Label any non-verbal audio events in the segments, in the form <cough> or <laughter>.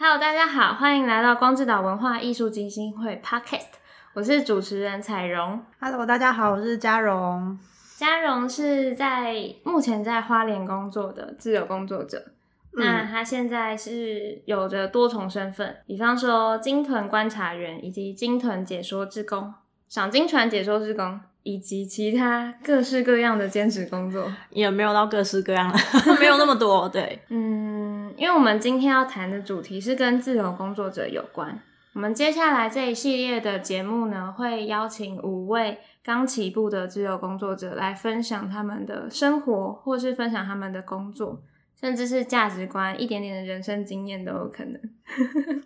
哈嘍，大家好，歡迎來到光之島文化藝術基金會 Podcast。我是主持人綵容。哈嘍，大家好，我是佳蓉。佳蓉是在目前在花蓮工作的自由工作者。嗯、那他現在是有着多重身份，比方說鯨豚觀察員以及鯨豚解說志工、賞鯨船解說志工。以及其他各式各樣的兼職工作，也沒有到各式各樣的， <laughs> 沒有那麼多。對， <laughs> 嗯，因為我們今天要談的主題是跟自由工作者有關。我們接下來這一系列的節目呢，會邀請五位剛起步的自由工作者來分享他們的生活，或是分享他們的工作，甚至是價值觀，一點點的人生經驗都有可能。 <laughs>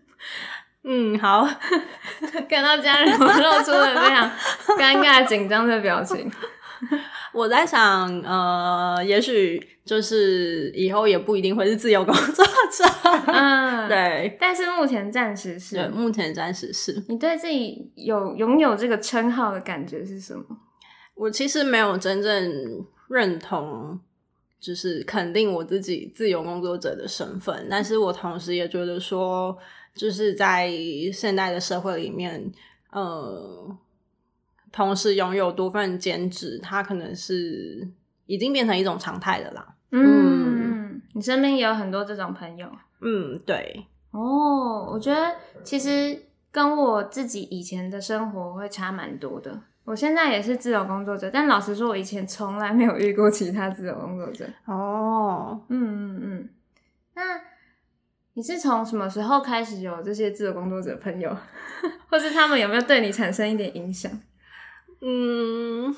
嗯，好， <laughs> 看到家人露出了非常尷尬、緊張的表情。我在想，呃，也許就是以後也不一定會是自由工作者，嗯、啊，對。但是目前暫時是，對，目前暫時是。你對自己有擁有這個稱號的感覺是什麼？我其實沒有真正認同，就是肯定我自己自由工作者的身份、嗯。但是我同時也覺得說。就是在現代的社會裡面，呃，同時擁有多份兼職，它可能是已經變成一種常態了啦，嗯。嗯，你身邊也有很多這種朋友。嗯，對。哦，我覺得其實跟我自己以前的生活會差蠻多的。我現在也是自由工作者，但老實說，我以前從來沒有遇過其他自由工作者。哦，嗯嗯嗯。那，你是從什麼時候開始有這些自由工作者朋友？ <laughs> 或是他們有沒有對你產生一點影響？嗯，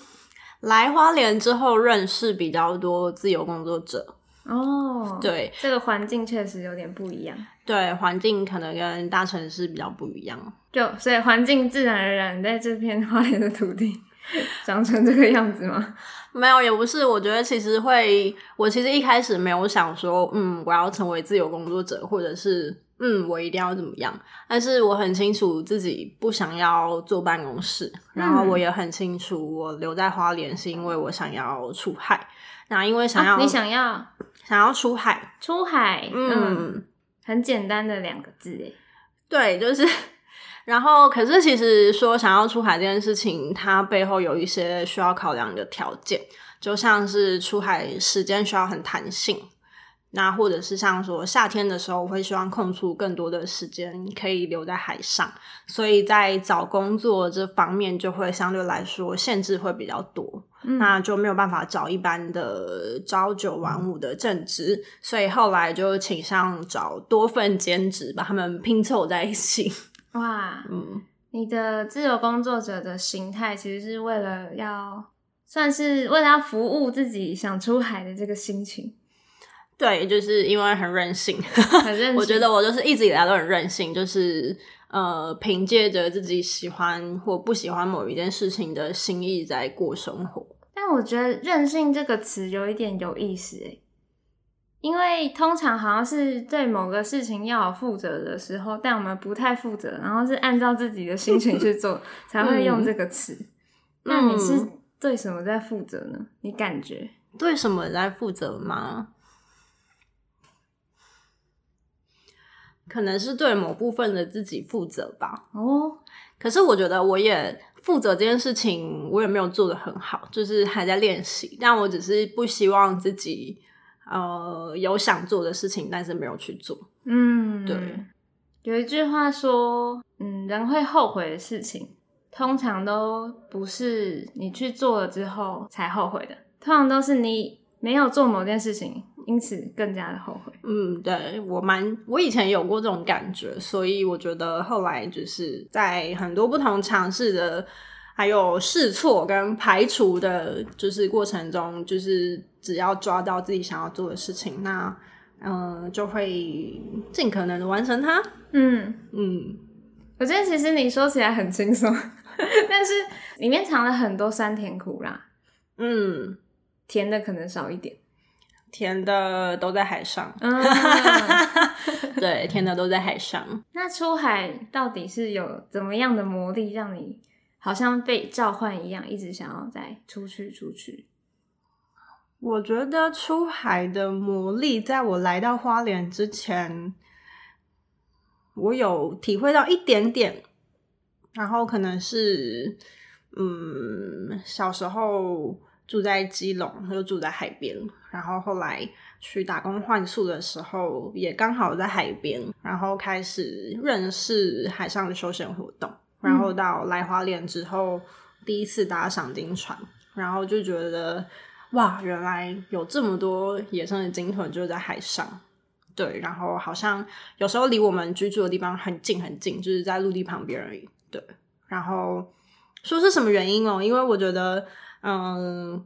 來花蓮之後認識比較多自由工作者哦，對，這個環境確實有點不一樣。對，環境可能跟大城市比較不一樣，就所以環境自然而然在這片花蓮的土地長成這個樣子嗎？沒有，也不是。我覺得其實會，我其實一開始沒有想說，嗯，我要成為自由工作者，或者是，嗯，我一定要怎麼樣。但是我很清楚自己不想要坐辦公室，嗯，然後我也很清楚，我留在花蓮是因為我想要出海。然後因為想要，啊，你想要想要出海，出海，嗯，嗯，很簡單的兩個字，哎，對，就是。然後，可是其實說想要出海這件事情，它背後有一些需要考量的條件，就像是出海時間需要很彈性，那或者是像說夏天的時候，我會希望空出更多的時間可以留在海上，所以在找工作這方面就會相對來說限制會比較多，嗯、那就沒有辦法找一般的朝九晚五的正職，嗯、所以後來就傾向找多份兼職，把他們拼湊在一起。哇，嗯，你的自由工作者的形態其實是為了要算是為了要服務自己想出海的這個心情，對，就是因為很任性，反正 <laughs> 我覺得我就是一直以來都很任性，就是呃，憑借着自己喜歡或不喜歡某一件事情的心意在過生活。但我覺得“任性”這個詞有一點有意思誒。因為通常好像是對某個事情要負責的時候，但我們不太負責，然後是按照自己的心情去做， <laughs> 才會用這個詞。嗯。那你是對什麼在負責呢？你感覺對什麼在負責嗎？可能是對某部分的自己負責吧。哦，可是我覺得我也負責這件事情，我也沒有做得很好，就是還在練習。但我只是不希望自己。呃，有想做的事情，但是沒有去做。嗯，對。有一句話說，嗯，人會後悔的事情，通常都不是你去做了之後才後悔的，通常都是你沒有做某件事情，因此更加的後悔。嗯，對，我蠻，我以前有過這種感覺，所以我覺得後來就是在很多不同嘗試的。還有試錯跟排除的，就是過程中，就是只要抓到自己想要做的事情，那嗯、呃，就會盡可能的完成它。嗯嗯，我覺得其實你說起來很輕鬆， <laughs> 但是裡面藏了很多酸甜苦辣。 <laughs> 嗯，甜的可能少一點，甜的都在海上。啊、 <laughs> 對，甜的都在海上。 <laughs> 那出海到底是有怎麼樣的魔力讓你？好像被召喚一樣，一直想要再出去出去。我覺得出海的魔力，在我來到花蓮之前，我有體會到一點點。然後可能是，嗯，小時候住在基隆，又住在海邊，然後後來去打工換宿的時候，也剛好在海邊，然後開始認識海上的休閒活動。然後到來花蓮之後，嗯，第一次搭賞鯨船，然後就覺得哇，原來有這麼多野生的鯨豚就在海上，對。然後好像有時候離我們居住的地方很近很近，就是在陸地旁邊而已，對。然後說是什麼原因哦？因為我覺得，嗯，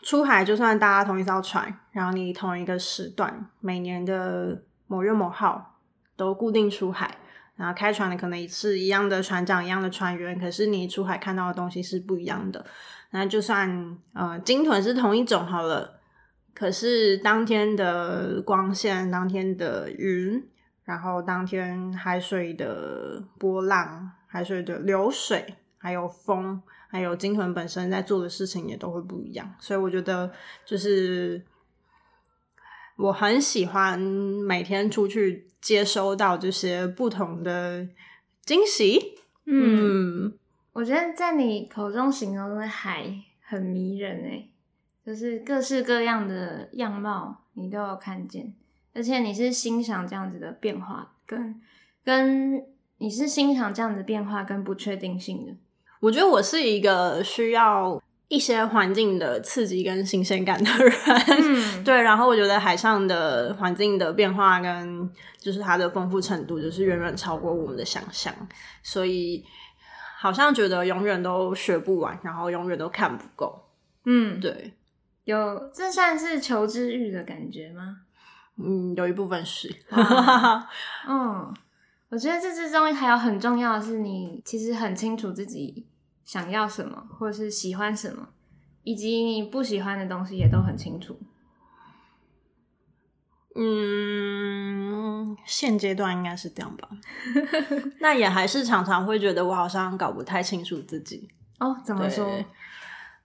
出海就算搭同一艘船，然後你同一個時段，每年的某月某號都固定出海。然後開船的可能也是一樣的船長，一樣的船員，可是你出海看到的東西是不一樣的。那就算呃鯨豚是同一種好了，可是當天的光線、當天的雲，然後當天海水的波浪、海水的流水，還有風，還有鯨豚本身在做的事情也都會不一樣。所以我覺得就是。我很喜歡每天出去接收到這些不同的驚喜，嗯。嗯，我覺得在你口中形容的海很迷人誒、欸，就是各式各樣的樣貌你都有看見，而且你是欣賞這樣子的變化，跟跟你是欣賞這樣子的變化跟不確定性的。我覺得我是一個需要。一些環境的刺激跟新鮮感的人，嗯、 <laughs> 對。然後我覺得海上的環境的變化跟就是它的豐富程度，就是遠遠超過我們的想象，所以好像覺得永遠都學不完，然後永遠都看不夠。嗯，對。有，這算是求知欲的感覺嗎？嗯，有一部分是、啊。 <laughs> 嗯，我覺得這之中還有很重要的是，你其實很清楚自己。想要什麼，或是喜歡什麼，以及你不喜歡的東西也都很清楚。嗯，現階段應該是這樣吧。 <laughs> 那也還是常常會覺得我好像搞不太清楚自己。哦，怎麼說？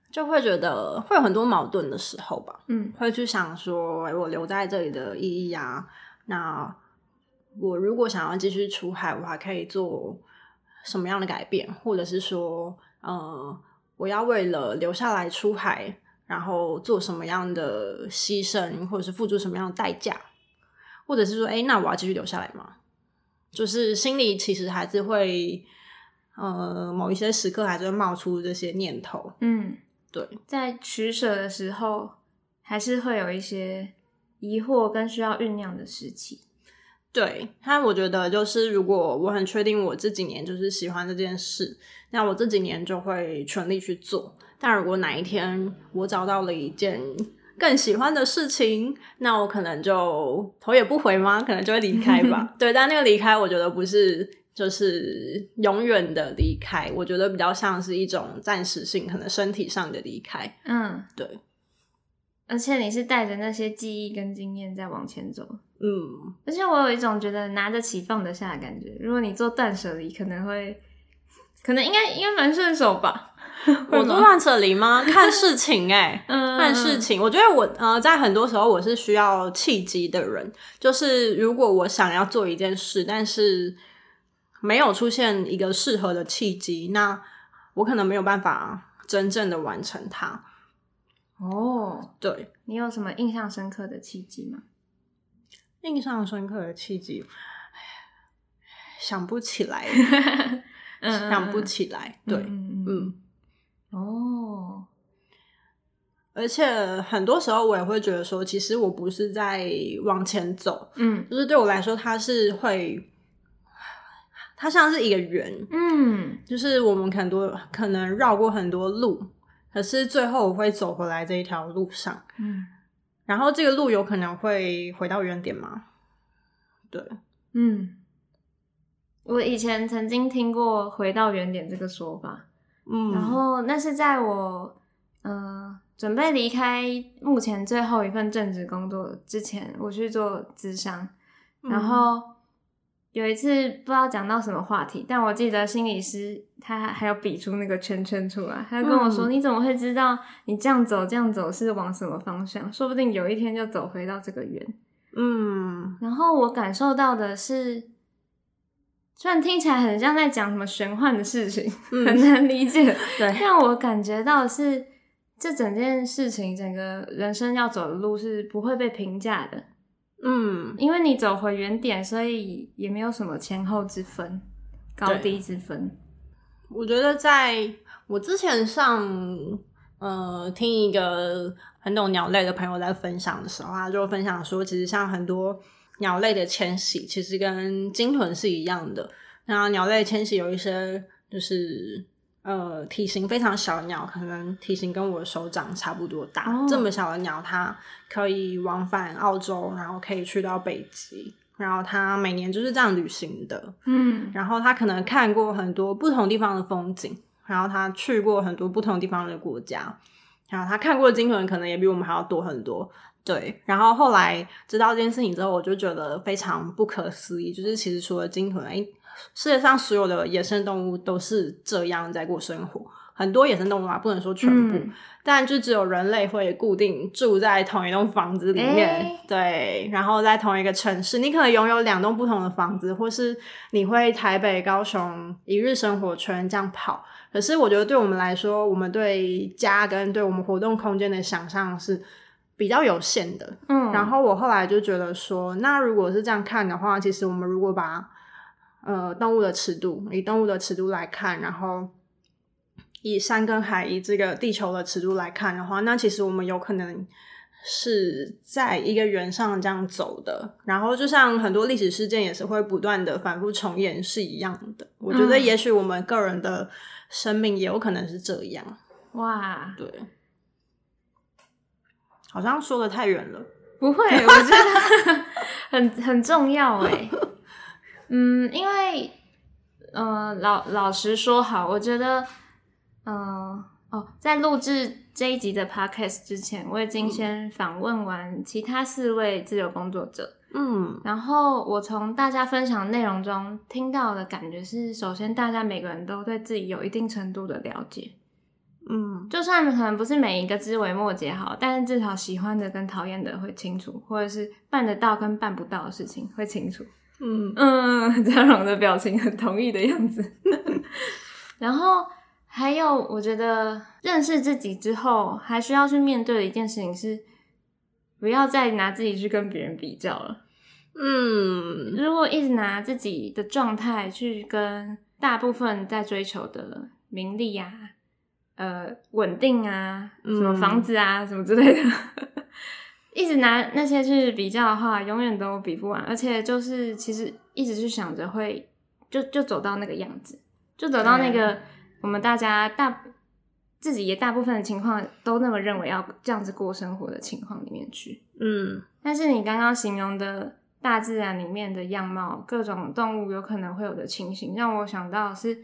就會覺得會有很多矛盾的時候吧。嗯，會去想說，我留在這裡的意義啊。那我如果想要繼續出海，我還可以做什麼樣的改變，或者是說。呃、嗯，我要為了留下來出海，然後做什麼樣的犧牲，或者是付出什麼樣的代價，或者是說，哎、欸，那我要繼續留下來嗎？就是心裡其實還是會，呃、嗯，某一些時刻還是會冒出這些念頭。嗯，對，在取捨的時候，還是會有一些疑惑，跟需要醞釀的事情。對他，我覺得就是如果我很確定我這幾年就是喜歡這件事，那我這幾年就會全力去做。但如果哪一天我找到了一件更喜歡的事情，那我可能就頭也不回嗎？可能就會離開吧。 <laughs> 對，但那個離開，我覺得不是就是永遠的離開，我覺得比較像是一種暫時性，可能身體上的離開。嗯，對。而且你是帶着那些記憶跟經驗在往前走。嗯，而且我有一種覺得拿得起放得下的感覺。如果你做斷捨離，可能會，可能應該應該蠻順手吧。我 <laughs> 做斷捨離嗎？ <laughs> 看事情哎，欸，嗯，看事情。我覺得我呃，在很多時候我是需要契機的人。就是如果我想要做一件事，但是沒有出現一個適合的契機，那我可能沒有辦法真正的完成它。哦，對。你有什麼印象深刻的契機嗎？印象深刻的契機，想不起來， <laughs> 想不起來。 <laughs> 對， <laughs> 嗯，哦、嗯，而且很多時候我也會覺得說，其實我不是在往前走，嗯，就是對我來說，他是會，他像是一個人。嗯，就是我們很多可能繞過很多路，可是最後我會走回來這一條路上，嗯。然後這個路有可能會回到原點嗎？對，嗯，我以前曾經聽過“回到原點”這個說法，嗯，然後那是在我嗯、呃、準備離開目前最後一份正職工作之前，我去做諮商、嗯，然後。有一次不知道講到什麼話題，但我記得心理師他還有比出那個圈圈出來，他跟我說：“嗯、你怎麼會知道你這樣走這樣走是往什麼方向？說不定有一天就走回到這個圓。”嗯，然後我感受到的是，雖然聽起來很像在講什麼玄幻的事情，嗯、 <laughs> 很難理解， <laughs> 對，讓我感覺到的是這整件事情，整個人生要走的路是不會被評價的。嗯，因為你走回原點，所以也沒有什麼前後之分，高低之分。我覺得在我之前上，呃，聽一個很懂鳥類的朋友在分享的時候，他就分享說，其實像很多鳥類的遷徙，其實跟鯨豚是一樣的。然後鳥類遷徙有一些就是，呃，體型非常小的鳥，可能體型跟我的手掌差不多大、哦。這麼小的鳥，它可以往返澳洲，然後可以去到北極，然後它每年就是這樣旅行的。嗯，然後它可能看過很多不同地方的風景，然後它去過很多不同地方的國家，然後它看過的鯨豚可能也比我們還要多很多。對，然後後來知道這件事情之後，我就覺得非常不可思議，就是其實除了鯨豚。誒、哎世界上所有的野生動物都是這樣在過生活，很多野生動物啊，不能說全部，嗯、但就只有人類會固定住在同一棟房子裡面，欸，對，然後在同一個城市，你可能擁有兩棟不同的房子，或是你會台北、高雄一日生活圈這樣跑。可是我覺得對我們來說，我們對家跟對我們活動空間的想象是比較有限的。嗯，然後我後來就覺得說，那如果是這樣看的話，其實我們如果把.呃，動物的尺度，以動物的尺度來看，然後以山跟海，以這個地球的尺度來看的話，那其實我們有可能是在一個圓上這樣走的。然後，就像很多歷史事件也是會不斷的反覆重演是一樣的。我覺得，也許我們個人的生命也有可能是這樣。哇，嗯，對，好像說的太遠了。不會，我覺得 <laughs> 很很重要欸。嗯，因為，呃，老老實說，好，我覺得，嗯、呃，哦，在錄製這一集的 podcast 之前，我已經先訪問完其他四位自由工作者，嗯，然後我從大家分享內容中聽到的感覺是，首先大家每個人都對自己有一定程度的了解，嗯，就算可能不是每一個枝微末節好，但是至少喜歡的跟討厭的會清楚，或者是辦得到跟辦不到的事情會清楚。嗯嗯，佳蓉的表情很同意的樣子。 <laughs> 然後還有，我覺得認識自己之後，還需要去面對的一件事情是，不要再拿自己去跟別人比較了。嗯，如果一直拿自己的狀態去跟大部分在追求的名利啊、呃穩定啊、什麼房子啊、嗯、什麼之類的。 <laughs> 一直拿那些去比較的話，永遠都比不完，而且就是其實一直是想着會就就走到那個樣子，就走到那個、okay. 我們大家大自己也大部分的情況都那麼認為要這樣子過生活的情況裡面去。嗯，但是你剛剛形容的大自然裡面的樣貌，各種動物有可能會有的情形，讓我想到是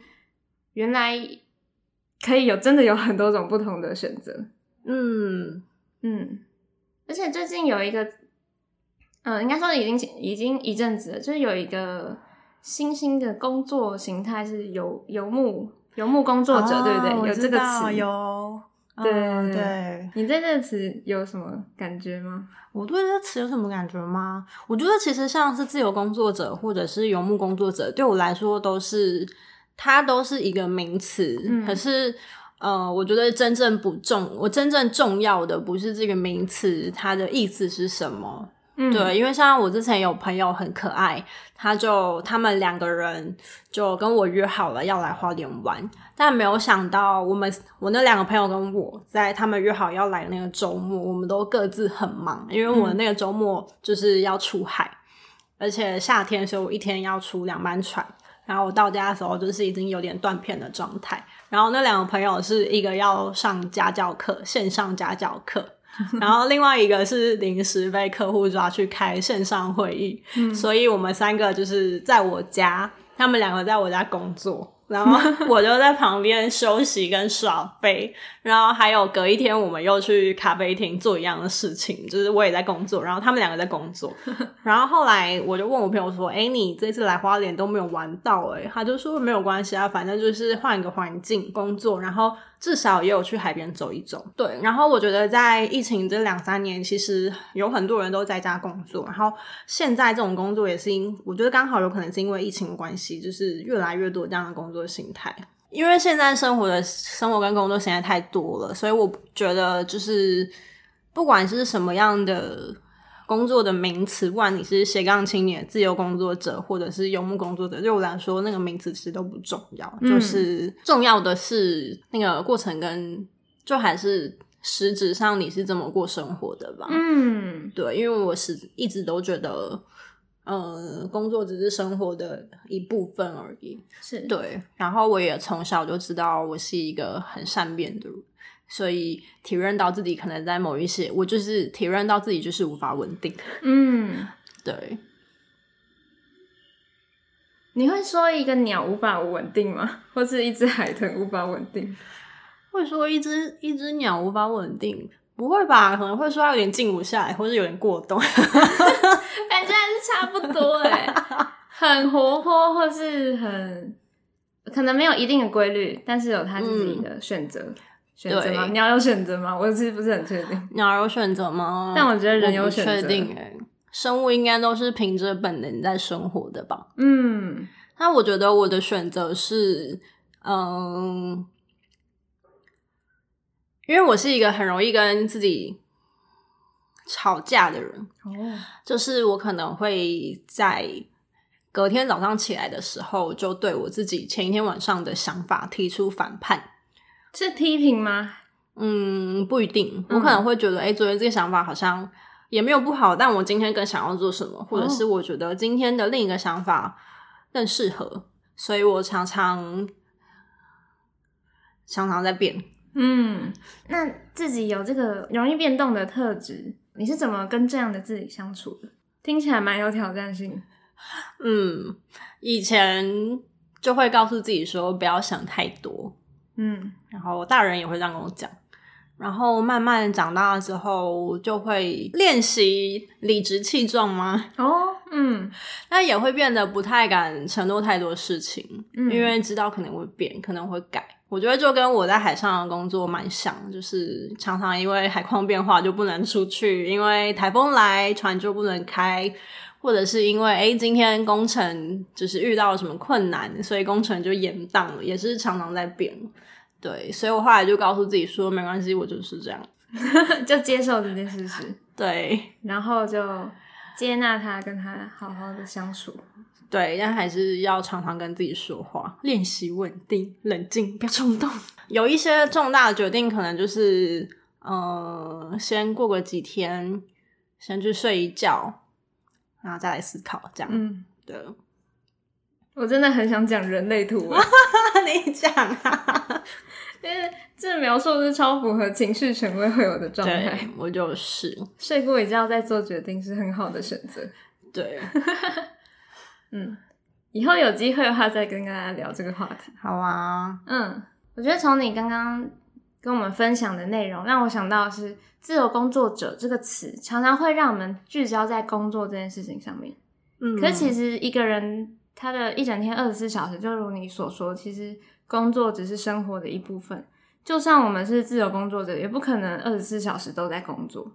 原來可以有真的有很多種不同的選擇。嗯嗯。而且最近有一個，嗯、呃，應該說已經已經一陣子了，就是有一個新興的工作形態是游游牧游牧工作者，哦、對不對？有這個詞，有。對、嗯、對。你對這個詞有什麼感覺嗎？我對這個詞有什麼感覺嗎？我覺得其實像是自由工作者或者是游牧工作者，對我來說都是它都是一個名詞，嗯、可是。呃、嗯，我覺得真正不重，我真正重要的不是這個名詞，它的意思是什麼。嗯？對，因為像我之前有朋友很可愛，他就他們兩個人就跟我約好了要來花蓮玩，但沒有想到我們我那兩個朋友跟我在他們約好要來那個周末，我們都各自很忙，因為我那個周末就是要出海，嗯、而且夏天，所以我一天要出兩班船。然後我到家的時候，就是已經有點斷片的狀態。然後那兩個朋友是一個要上家教課，線上家教課，然後另外一個是臨時被客戶抓去開線上會議， <laughs> 所以我們三個就是在我家，他們兩個在我家工作。 <laughs> 然後我就在旁邊休息跟耍廢，然後還有隔一天我們又去咖啡廳做一樣的事情，就是我也在工作，然後他們兩個在工作。 <laughs> 然後後來我就問我朋友說：“哎，你這次來花蓮都沒有玩到哎、欸？”他就說：“沒有關係啊，反正就是換一個環境工作。”然後。至少也有去海邊走一走，對。然後我覺得在疫情這兩三年，其實有很多人都在家工作。然後現在這種工作也是因，我覺得剛好有可能是因為疫情關係，就是越來越多這樣的工作型態。因為現在生活的、生活跟工作現在太多了，所以我覺得就是不管是什麼樣的。工作的名詞，不管你是斜槓青年、自由工作者，或者是遊牧工作者，對我來說，那個名詞其實都不重要。嗯，就是重要的是那個過程跟就還是實質上你是怎麼過生活的吧。嗯，對，因為我是一直都覺得，呃，工作只是生活的一部分而已。是對，然後我也從小就知道我是一個很善變的人。所以體認到自己可能在某一些，我就是體認到自己就是無法穩定。嗯，對。你會說一個鳥無法穩定嗎？或是一隻海豚無法穩定？會說一隻一隻鳥無法穩定？不會吧？可能會說它有點靜不下來，或是有點過動。感 <laughs> 覺還是差不多哎，欸，很活潑，或是很可能沒有一定的規律，但是有它自己的選擇。嗯。對，你要有選擇嗎？我其實不是很確定。你要有選擇嗎？但我覺得人有選擇。確定，欸，生物應該都是憑着本能在生活的吧？嗯，那我覺得我的選擇是，嗯，因為我是一個很容易跟自己吵架的人。嗯，就是我可能會在隔天早上起來的時候，就對我自己前一天晚上的想法提出反叛。是批評嗎？嗯，不一定。我可能會覺得，誒、嗯欸、昨天這個想法好像也沒有不好，但我今天更想要做什麼，哦、或者是我覺得今天的另一個想法更適合，所以我常常常常在變。嗯，那自己有這個容易變動的特質，你是怎麼跟這樣的自己相處的？聽起來蠻有挑戰性。嗯，以前就會告訴自己說不要想太多。嗯。然後大人也會這樣跟我講，然後慢慢長大之後就會練習理直氣壯嗎？哦，嗯，那也會變得不太敢承諾太多事情。嗯，因為知道可能會變，可能會改。我覺得就跟我在海上的工作蠻像，就是常常因為海況變化就不能出去，因為台風來船就不能開，或者是因為哎今天工程就是遇到了什麼困難，所以工程就延宕了，也是常常在變。對，所以我後來就告訴自己說，沒關係，我就是這樣， <laughs> 就接受這件事情。對，然後就接納他，跟他好好的相處。對，但還是要常常跟自己說話，練習穩定、冷靜，不要衝動。 <laughs> 有一些重大的決定，可能就是，呃，先過個幾天，先去睡一覺，然後再來思考這樣。嗯，對。我真的很想講人類圖。 <laughs> 你講啊， <laughs> 因為這描述是超符合情緒權威會有的狀態。對，我就是睡過一覺再做決定是很好的選擇。對， <laughs> 嗯，以後有機會的話再跟大家聊這個話題。好啊，嗯，我覺得從你剛剛跟我們分享的內容，讓我想到的是“自由工作者”這個詞，常常會讓我們聚焦在工作這件事情上面。嗯，可是其實一個人。他的一整天二十四小時，就如你所說，其實工作只是生活的一部分。就算我們是自由工作者，也不可能二十四小時都在工作。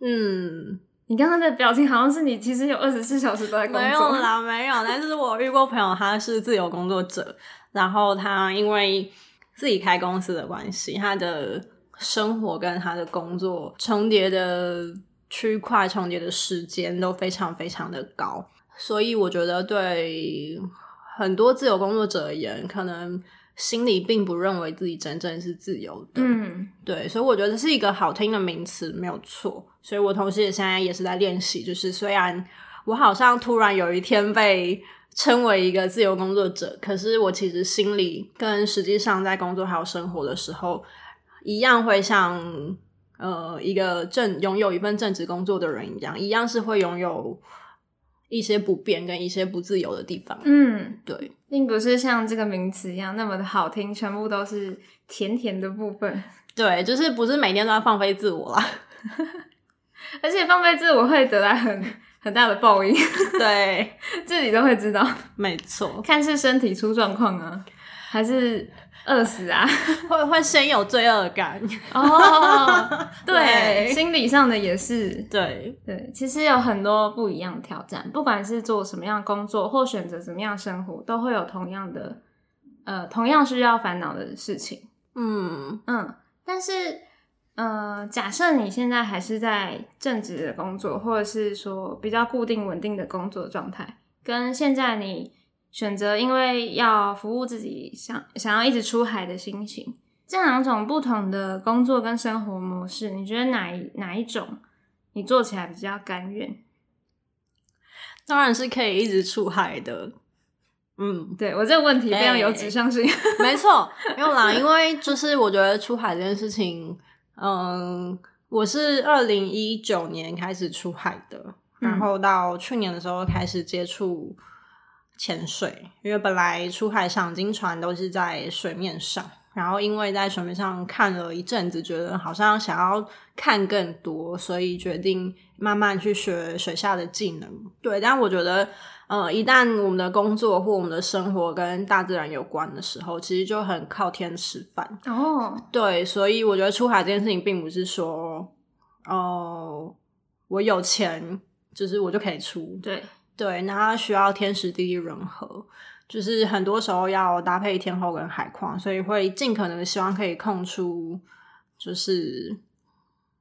嗯，你剛剛的表情好像是你其實有二十四小時都在工作。沒有啦，沒有。但是我遇過朋友，他是自由工作者， <laughs> 然後他因為自己開公司的關係，他的生活跟他的工作重疊的區塊、重疊的時間都非常非常的高。所以我覺得，對很多自由工作者而言，可能心裡並不認為自己真正是自由的。嗯，對。所以我覺得這是一個好聽的名詞，沒有錯。所以我同時也現在也是在練習，就是雖然我好像突然有一天被稱為一個自由工作者，可是我其實心裡跟實際上在工作還有生活的時候，一樣會像呃一個正擁有一份正職工作的人一樣，一樣是會擁有，一些不便跟一些不自由的地方，嗯，對，並不是像這個名詞一樣那麼的好聽，全部都是甜甜的部分，對，就是不是每天都要放飛自我啦， <laughs> 而且放飛自我會得來很很大的報應， <laughs> 對， <laughs> 自己都會知道，沒錯，看是身體出狀況啊，還是餓死啊？ <laughs> 會會深有罪惡感哦、oh, <laughs> 。對，心理上的也是。對對，其實有很多不一樣的挑戰，不管是做什麼樣工作，或選擇什麼樣生活，都會有同樣的呃，同樣需要煩惱的事情。嗯嗯，但是呃，假設你現在還是在正職的工作，或者是說比較固定穩定的工作狀態，跟現在你。選擇，因為要服務自己想，想想要一直出海的心情，這兩種不同的工作跟生活模式，你覺得哪一哪一種你做起來比較甘願？當然是可以一直出海的。嗯，對，我這個問題非常有指向性，哎。沒錯，沒有啦， <laughs> 因為就是我覺得出海這件事情，嗯，我是二零一九年開始出海的，嗯，然後到去年的時候開始接觸。潛水，因為本來出海賞鯨船都是在水面上，然後因為在水面上看了一陣子覺得好像想要看更多，所以決定慢慢去學水下的技能。對，但我覺得，呃，一旦我們的工作或我們的生活跟大自然有關的時候，其實就很靠天吃飯。哦、oh.，對，所以我覺得出海這件事情並不是說，哦、呃，我有錢就是我就可以出。對。對，那它需要天時地利人和，就是很多時候要搭配天候跟海況，所以會盡可能希望可以空出就是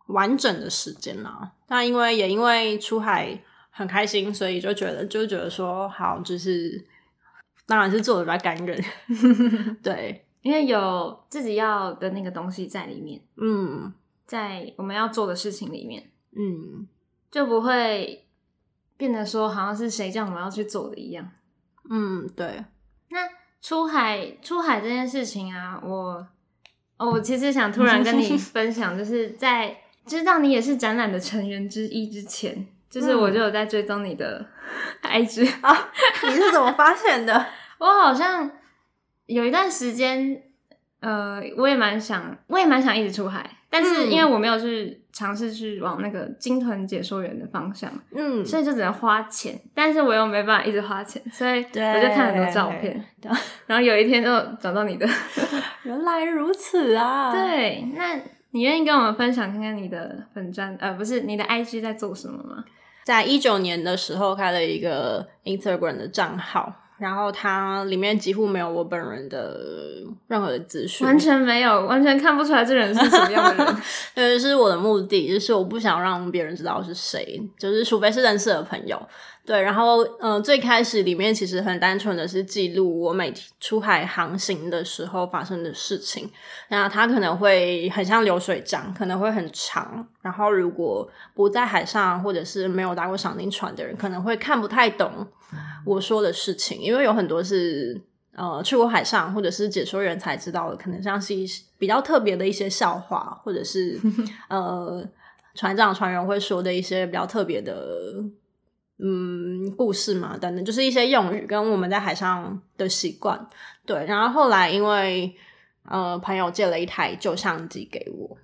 完整的時間啦、啊。但因為也因為出海很開心，所以就覺得就覺得說好，就是當然是做得比較甘願。 <laughs> 對，因為有自己要的那個東西在裡面，嗯，在我們要做的事情裡面，嗯，就不會。變得說好像是誰叫我們要去做的一樣，嗯，對。那出海出海這件事情啊，我哦，我其實想突然跟你分享，就是在知道你也是展覽的成員之一之前，嗯，就是我就有在追蹤你的 IG 啊，你是怎麼發現的？ <laughs> 我好像有一段時間。呃，我也蠻想，我也蠻想一直出海，嗯，但是因為我沒有去嘗試去往那個鯨豚解說員的方向，嗯，所以就只能花錢，但是我又沒辦法一直花錢，所以我就看很多照片，對，然後有一天就找到你的， <laughs> 原來如此啊！對，那你願意跟我們分享，看看你的粉專，呃，不是你的 IG 在做什麼嗎？在一九年的時候開了一個 Instagram 的賬號。然後它裡面幾乎沒有我本人的任何的資訊，完全沒有，完全看不出來這人是怎麼樣的人 <laughs> 對。就是我的目的，就是我不想讓別人知道是誰，就是除非是認識的朋友。對，然後嗯、呃，最開始裡面其實很單純的是記錄我每天出海航行的時候發生的事情。那它可能會很像流水賬，可能會很長。然後如果不在海上或者是沒有搭過賞鯨船的人，可能會看不太懂。我說的事情，因為有很多是呃去過海上或者是解說人才知道的，可能像是一些比較特別的一些笑話，或者是呃船長船員會說的一些比較特別的嗯故事嘛等等，就是一些用語跟我們在海上的習慣。對，然後後來因為呃朋友借了一台舊相機給我。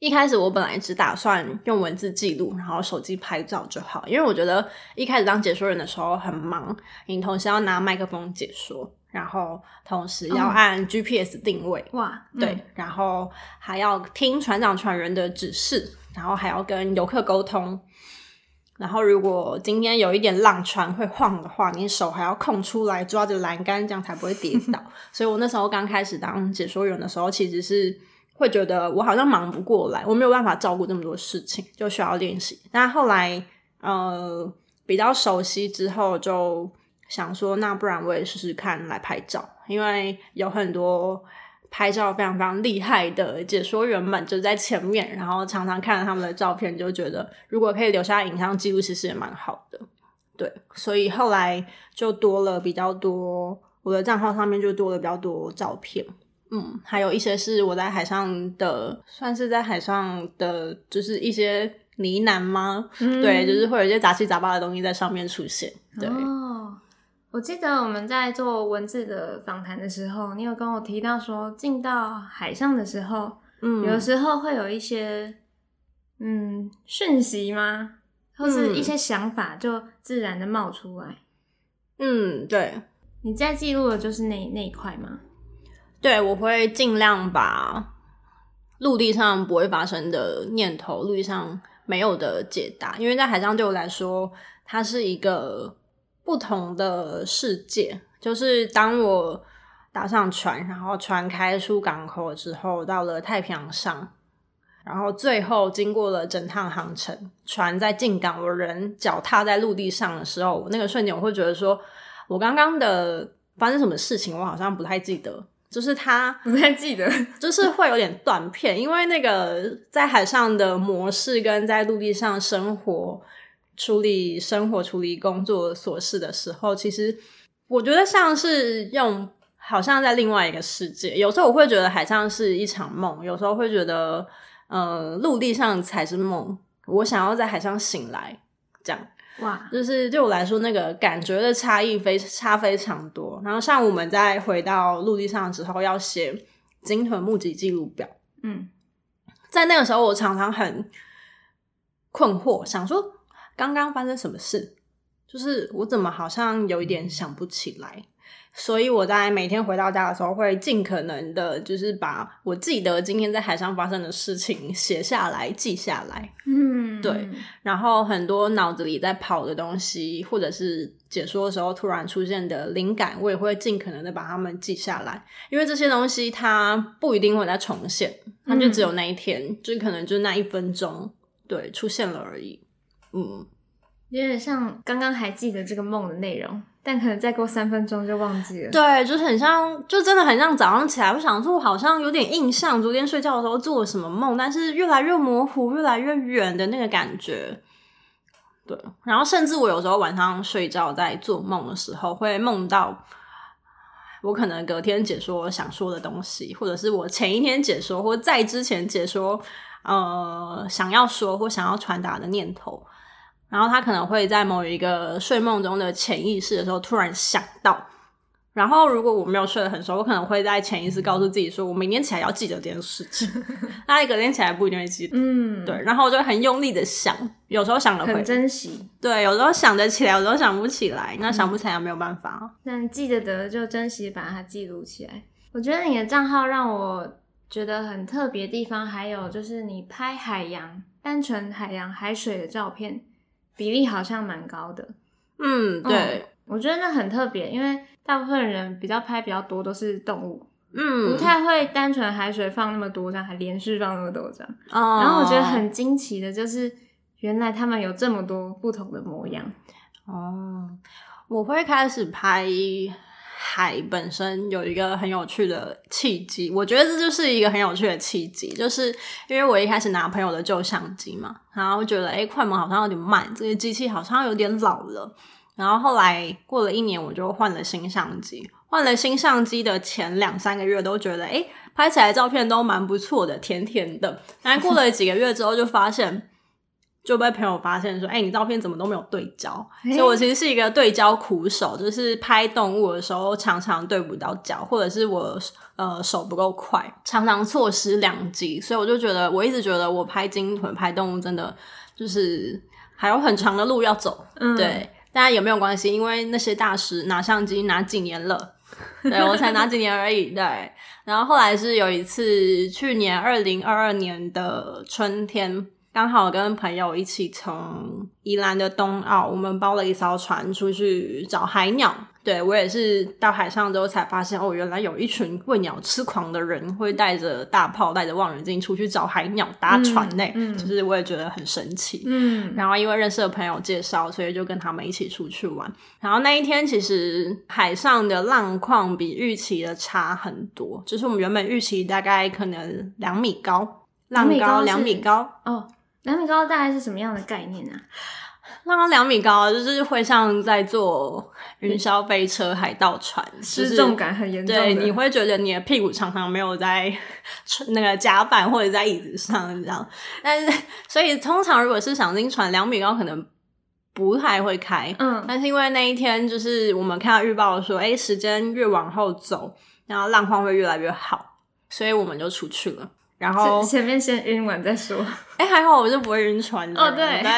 一開始我本來只打算用文字記錄，然後手機拍照就好，因為我覺得一開始當解說人的時候很忙，你同時要拿麥克風解說，然後同時要按 GPS 定位，嗯、哇、嗯，對，然後還要聽船長船員的指示，然後還要跟遊客溝通，然後如果今天有一點浪，船會晃的話，你手還要空出來抓着欄杆，這樣才不會跌倒。 <laughs> 所以我那時候剛開始當解說員的時候，其實是。會覺得我好像忙不過來，我沒有辦法照顧這麼多事情，就需要練習。但後來，嗯、呃，比較熟悉之後，就想說，那不然我也試試看，來拍照。因為有很多拍照非常非常厲害的解說員們就是在前面，然後常常看他們的照片，就覺得如果可以留下影像記錄，其實也蠻好的。對，所以後來就多了比較多，我的賬號上面就多了比較多照片。嗯，還有一些是我在海上的，算是在海上的，就是一些呢喃嗎？嗯，對，就是會有一些雜七雜八的東西在上面出現。對，哦，我記得我們在做文字的訪談的時候，你有跟我提到說，進到海上的時候，嗯，有時候會有一些，嗯，訊息嗎？或是一些想法就自然的冒出來。嗯，對，你在記錄的就是那那一塊嗎？對，我會盡量把陸地上不會發生的念頭、陸地上沒有的解答，因為在海上對我來說，它是一個不同的世界。就是當我搭上船，然後船開出港口之後，到了太平洋上，然後最後經過了整趟航程，船在進港，我人腳踏在陸地上的時候，那個瞬間我會覺得說，我剛剛的發生什麼事情，我好像不太記得。就是他不太記得，就是會有點斷片， <laughs> 因為那個在海上的模式跟在陸地上生活、處理生活、處理工作瑣事的時候，其實我覺得像是用好像在另外一個世界。有時候我會覺得海上是一場夢，有時候會覺得，呃，陸地上才是夢。我想要在海上醒來，這樣。哇，就是對我來說，那個感覺的差異非差非常多。然後像我們再回到陸地上之後，要寫鯨豚目擊記錄表。嗯，在那個時候，我常常很困惑，想說剛剛發生什麼事，就是我怎麼好像有一點想不起來。嗯所以我在每天回到家的時候，會盡可能的，就是把我記得今天在海上發生的事情寫下來、記下來。嗯，對。然後很多腦子裡在跑的東西，或者是解說的時候突然出現的靈感，我也會盡可能的把它們記下來。因為這些東西它不一定會再重現，它就只有那一天，嗯，就可能就那一分鐘，對，出現了而已。嗯，有點像剛剛還記得這個夢的內容。但可能再過三分鐘就忘記了。對，就是很像，就真的很像早上起來，我想說，我好像有點印象，昨天睡覺的時候做了什麼夢，但是越來越模糊，越來越遠的那個感覺。對，然後甚至我有時候晚上睡覺在做夢的時候，會夢到我可能隔天解說我想說的東西，或者是我前一天解說，或在之前解說，呃，想要說或想要傳達的念頭。然後他可能會在某一個睡夢中的潛意識的時候突然想到，然後如果我沒有睡得很熟，我可能會在潛意識告訴自己說，我明天起來要記得這件事情。那、嗯、隔天起來不一定會記得，嗯，對。然後我就很用力的想，有時候想的會很珍惜，對，有時候想得起來，有時候想不起來，那想不起來也沒有辦法。嗯、那你記得得就珍惜，把它記錄起來。我覺得你的賬號讓我覺得很特別的地方，還有就是你拍海洋、單純海洋海水的照片。比例好像蠻高的，嗯，對，嗯，我覺得那很特別，因為大部分人比較拍比較多都是動物，嗯，不太會單純海水放那麼多張，還連續放那麼多張，哦。然後我覺得很驚奇的就是，原來他們有這麼多不同的模樣，哦。我會開始拍。海本身有一個很有趣的契機，我覺得這就是一個很有趣的契機，就是因為我一開始拿朋友的舊相機嘛，然後我覺得誒，欸，快門好像有點慢，這個機器好像有點老了，然後後來過了一年我就換了新相機，換了新相機的前兩三個月都覺得誒，欸，拍起來照片都蠻不錯的，甜甜的，然後過了幾個月之後就發現。 <laughs> 就被朋友發現說：“哎、欸，你照片怎麼都沒有對焦？”欸、所以，我其實是一個對焦苦手，就是拍動物的時候常常對不到焦，或者是我呃手不夠快，常常錯失良機。所以，我就覺得，我一直覺得我拍鯨豚、拍動物真的就是還有很長的路要走。嗯、對，但也沒有關係，因為那些大師拿相機拿幾年了，對，我才拿幾年而已。 <laughs> 對，然後後來是有一次，去年二零二二年的春天。剛好跟朋友一起從宜蘭的東澳，我們包了一艘船出去找海鳥。對，我也是到海上之後才發現，哦，原來有一群為鳥痴狂的人會帶着大炮、帶着望遠鏡出去找海鳥搭船呢、嗯欸嗯。就是我也覺得很神奇。嗯，然後因為認識的朋友介紹，所以就跟他們一起出去玩。然後那一天其實海上的浪況比預期的差很多，就是我們原本預期大概可能兩米高，浪高兩米高哦。兩米高大概是什麼樣的概念啊？那兩米高就是會像在坐雲霄飛車、海盜船，失、欸就是、重感很嚴重。對，你會覺得你的屁股常常沒有在那個甲板或者在椅子上這樣。但是，所以通常如果是賞鯨船，兩米高可能不太會開。嗯，但是因為那一天就是我們看到預報說，哎、欸，時間越往後走，然後浪況會越來越好，所以我們就出去了。然後前面先暈完再說。哎，還好，我就不會暈船。哦，對對。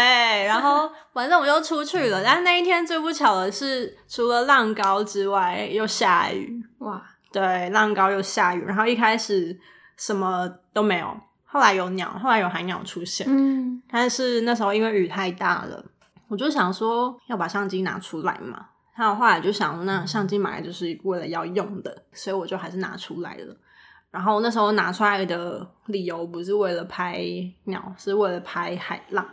然後，反正我又出去了。然 <laughs> 後那一天最不巧的是，除了浪高之外，又下雨。哇！對，浪高又下雨。然後一開始什麼都沒有，後來有鳥，後來有海鳥出現。嗯。但是那時候因為雨太大了，我就想說要把相機拿出來嘛。然後後來就想，那相機買來就是為了要用的，所以我就還是拿出來了。然後那時候拿出來的理由不是為了拍鳥，是為了拍海浪，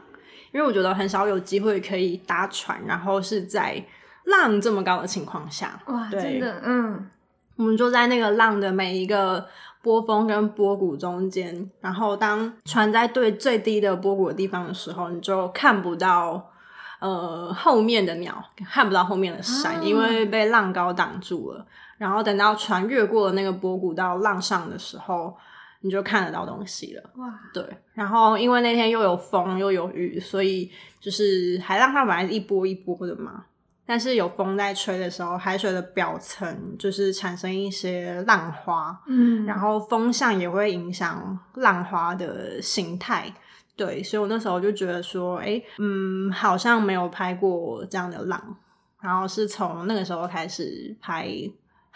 因為我覺得很少有機會可以搭船，然後是在浪這麼高的情況下，哇，對，真的，嗯，我們坐在那個浪的每一個波峰跟波谷中間，然後當船在對最低的波谷的地方的時候，你就看不到呃後面的鳥，看不到後面的山，啊，因為被浪高擋住了。然後等到船越過了那個波谷到浪上的時候，你就看得到東西了。哇！對，然後因為那天又有風又有雨，所以就是海浪它本來一波一波的嘛。但是有風在吹的時候，海水的表層就是產生一些浪花。嗯。然後風向也會影響浪花的形態。對，所以我那時候就覺得說，哎，嗯，好像沒有拍過這樣的浪。然後是從那個時候開始拍。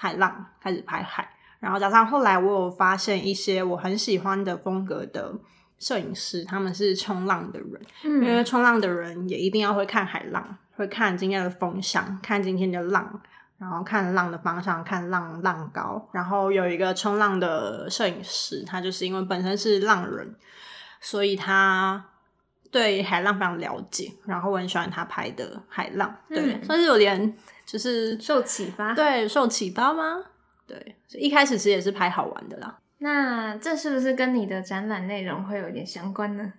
海浪開始拍海，然後加上後來我有發現一些我很喜歡的風格的攝影師，他們是衝浪的人，嗯、因為衝浪的人也一定要會看海浪，會看今天的風向，看今天的浪，然後看浪的方向，看浪浪高。然後有一個衝浪的攝影師，他就是因為本身是浪人，所以他對海浪非常了解。然後我很喜歡他拍的海浪，對，嗯、所以有點就是受啟發，對，受啟發嗎？對，一開始其實也是拍好玩的啦。那這是不是跟你的展覽內容會有點相關呢？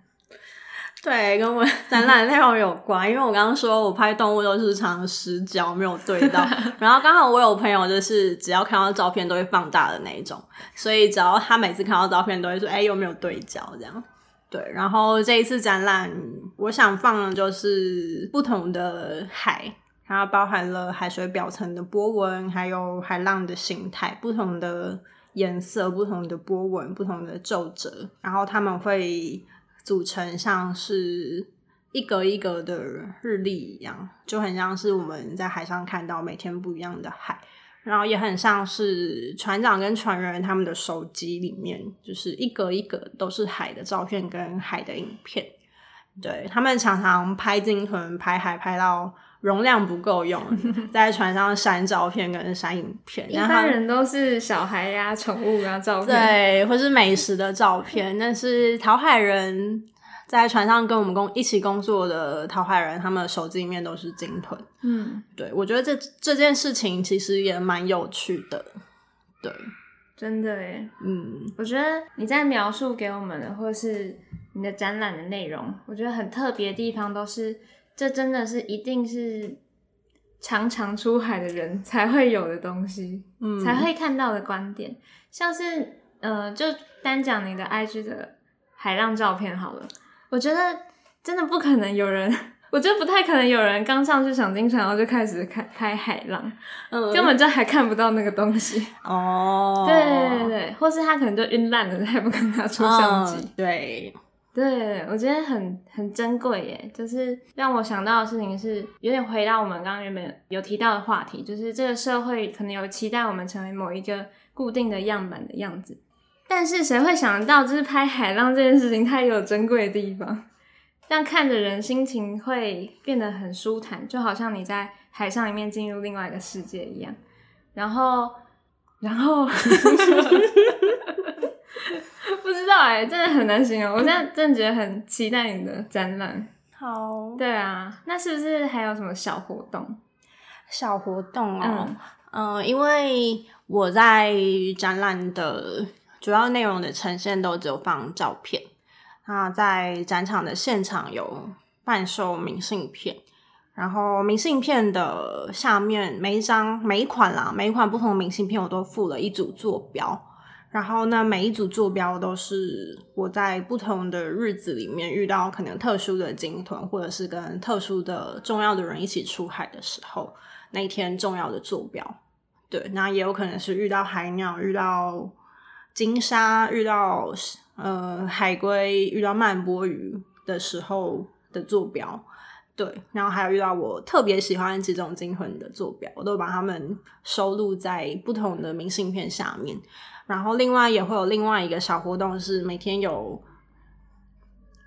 對，跟我 <laughs> 展覽內容有關，因為我剛剛說我拍動物都是常失焦，沒有對到。 <laughs> 然後剛好我有朋友，就是只要看到照片都會放大的那一種，所以只要他每次看到照片都會說：“哎、欸，有沒有對焦？”這樣。對，然後這一次展覽，我想放的就是不同的海。它包含了海水表層的波紋，還有海浪的形態，不同的顏色、不同的波紋、不同的皺褶，然後他們會組成像是一格一格的日曆一樣，就很像是我們在海上看到每天不一樣的海，然後也很像是船長跟船員他們的手機裡面，就是一格一格都是海的照片跟海的影片，對，他們常常拍鯨豚、拍海，拍到。容量不夠用，在船上刪照片跟刪影片 <laughs> 他。一般人都是小孩呀、啊、寵 <laughs> 物啊照片，對，或是美食的照片。 <laughs> 但是，討海人，在船上跟我們工一起工作的討海人，他們手機裡面都是鯨豚。嗯，對，我覺得這這件事情其實也蠻有趣的。對，真的耶。嗯，我覺得你在描述給我們的，或是你的展覽的內容，我覺得很特別的地方都是。這真的是一定是常常出海的人才會有的東西、嗯，才會看到的觀點。像是，呃，就單講你的 IG 的海浪照片好了，我覺得真的不可能有人，我覺得不太可能有人剛上去賞鯨船，然後就開始看拍海浪、嗯，根本就還看不到那個東西哦。對對對，或是他可能就暈爛了，他也不可能拿出相機。哦、對。對，我覺得很很珍貴耶，就是讓我想到的事情是，有點回到我們剛剛原本有提到的話題，就是這個社會可能有期待我們成為某一個固定的樣板的樣子，但是誰會想得到，就是拍海浪這件事情，它也有珍貴的地方，但看着人心情會變得很舒坦，就好像你在海上裡面進入另外一個世界一樣，然後。然後， <laughs> <laughs> <laughs> 不知道哎、欸，真的很難形容、哦。我現在真的覺得很期待你的展覽。好，對啊，那是不是還有什麼小活動？小活動哦，嗯，呃、因為我在展覽的主要內容的呈現都只有放照片。那、啊、在展場的現場有販售明信片。然後明信片的下面，每一張、每一款啦，每一款不同的明信片我都附了一組坐標然後那每一組坐標都是我在不同的日子裡面遇到可能特殊的鯨豚，或者是跟特殊的、重要的人一起出海的時候，那一天重要的坐標。對，那也有可能是遇到海鳥、遇到鯨鯊、遇到呃海龜、遇到曼波魚的時候的坐標。對，然後還有遇到我特別喜歡幾種金魂的坐標，我都把它們收錄在不同的明信片下面。然後另外也會有另外一個小活動，是每天有，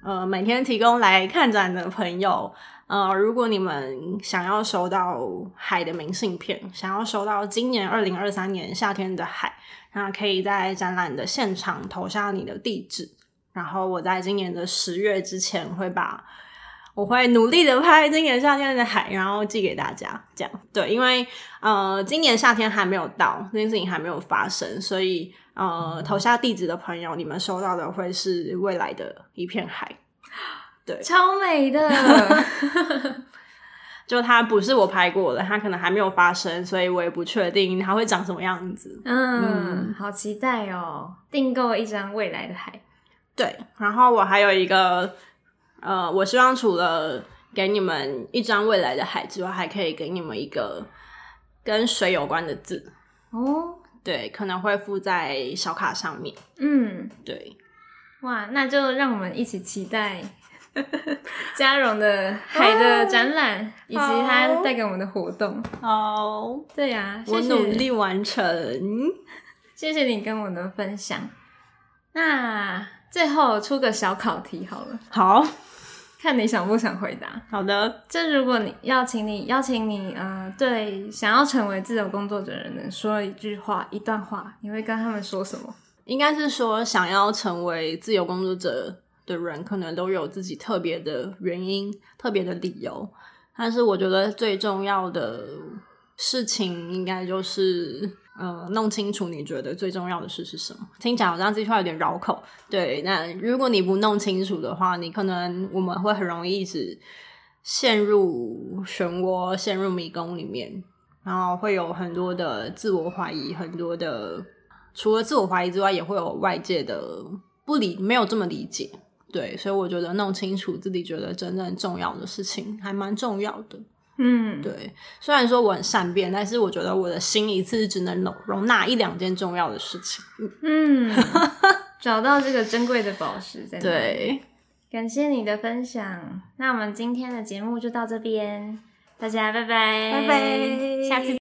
呃，每天提供來看展的朋友，呃，如果你們想要收到海的明信片，想要收到今年二零二三年夏天的海，那可以在展覽的現場投下你的地址，然後我在今年的十月之前會把。我會努力的拍今年夏天的海，然後寄給大家。這樣。對，因為呃，今年夏天還沒有到，這件事情還沒有發生，所以呃，投下地址的朋友，你們收到的會是未來的一片海。對，超美的。 <laughs> 就它不是我拍過的，它可能還沒有發生，所以我也不確定它會長什麼樣子。嗯，嗯，好期待哦！訂購一張未來的海。對，然後我還有一個。呃，我希望除了給你們一張未來的海之外，還可以給你們一個跟水有關的字。哦，對，可能會附在小卡上面。嗯，對。哇，那就讓我們一起期待佳蓉的海的展覽 <laughs> 以及它帶給我們的活動。好，對呀、啊，我努力完成。謝謝你跟我的分享。那最後出個小考題好了。好。看你想不想回答。好的，這如果你邀請你邀請你，呃，對，想要成為自由工作者的人說一句話、一段話，你會跟他們說什麼？應該是說，想要成為自由工作者的人，可能都有自己特別的原因、特別的理由。但是我覺得最重要的事情，應該就是。嗯、呃，弄清楚你覺得最重要的事是什麼？聽起來好像這句話有點繞口。對，那如果你不弄清楚的話，你可能我們會很容易一直陷入漩渦、陷入迷宮裡面，然後會有很多的自我懷疑，很多的，除了自我懷疑之外，也會有外界的不理，沒有這麼理解。對，所以我覺得弄清楚自己覺得真正重要的事情，還蠻重要的。嗯，對。雖然說我很善變，但是我覺得我的心一次只能容容納一兩件重要的事情。嗯， <laughs> 找到這個珍貴的寶石在哪裡。對，感謝你的分享。那我們今天的節目就到這邊，大家拜拜，拜拜，下次見。